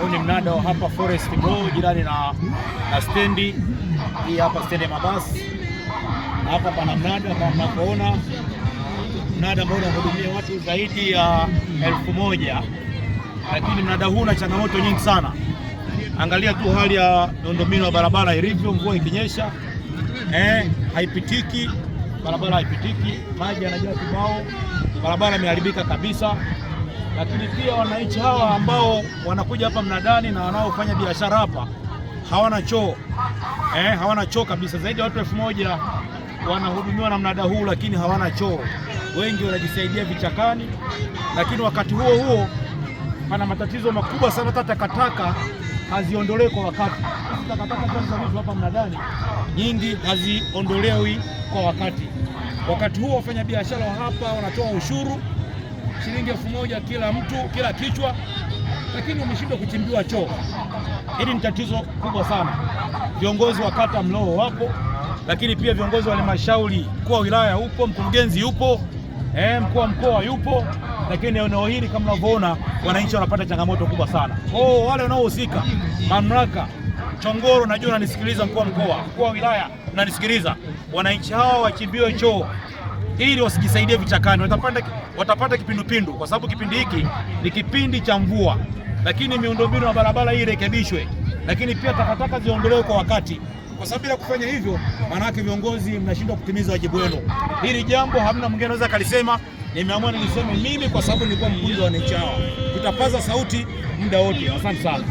Huu ni mnada wa hapa Forest Mall jirani na, na stendi hii hapa, stendi ya mabasi hapa pana mnada kama mnavyoona, mnada ambao unahudumia watu zaidi ya elfu moja lakini mnada huu una changamoto nyingi sana. Angalia tu hali ya miundombinu ya barabara ilivyo, mvua ikinyesha eh, haipitiki barabara, haipitiki, maji yanajaa kibao, barabara imeharibika kabisa lakini pia wananchi hawa ambao wanakuja hapa mnadani na wanaofanya biashara hapa hawana choo eh, hawana choo kabisa. Zaidi ya watu elfu moja wanahudumiwa na mnada huu, lakini hawana choo. Wengi wanajisaidia vichakani, lakini wakati huo huo pana matatizo makubwa sana, hata takataka haziondolewi kwa wakati. Takataka takataka zinazoletwa hapa mnadani nyingi haziondolewi kwa wakati. Wakati huo wafanyabiashara wa hapa wanatoa ushuru shilingi elfu moja kila mtu kila kichwa, lakini umeshindwa kuchimbiwa choo. Hili ni tatizo kubwa sana. Viongozi wa kata Mlowo wapo, lakini pia viongozi wa halmashauri, mkuu wa wilaya upo, mkurugenzi yupo, eh, mkuu wa mkoa yupo, lakini eneo hili kama unavyoona, wananchi wanapata changamoto kubwa sana. Oh, wale wanaohusika mamlaka Chongoro, najua unanisikiliza, mkuu wa mkoa, mkuu wa wilaya unanisikiliza, wananchi hawa wachimbiwe choo ili wasijisaidie vichakani, watapanda, watapata kipindupindu kwa sababu kipindi hiki ni kipindi cha mvua. Lakini miundombinu ya barabara hii irekebishwe, lakini pia takataka ziondolewe kwa wakati, kwa sababu bila kufanya hivyo, maana yake viongozi mnashindwa kutimiza wajibu wenu. Hili jambo hamna mwingine anaweza akalisema, nimeamua niliseme mimi kwa sababu nilikuwa mbunge wa wananchi Tutapaza sauti muda wote. Asante sana.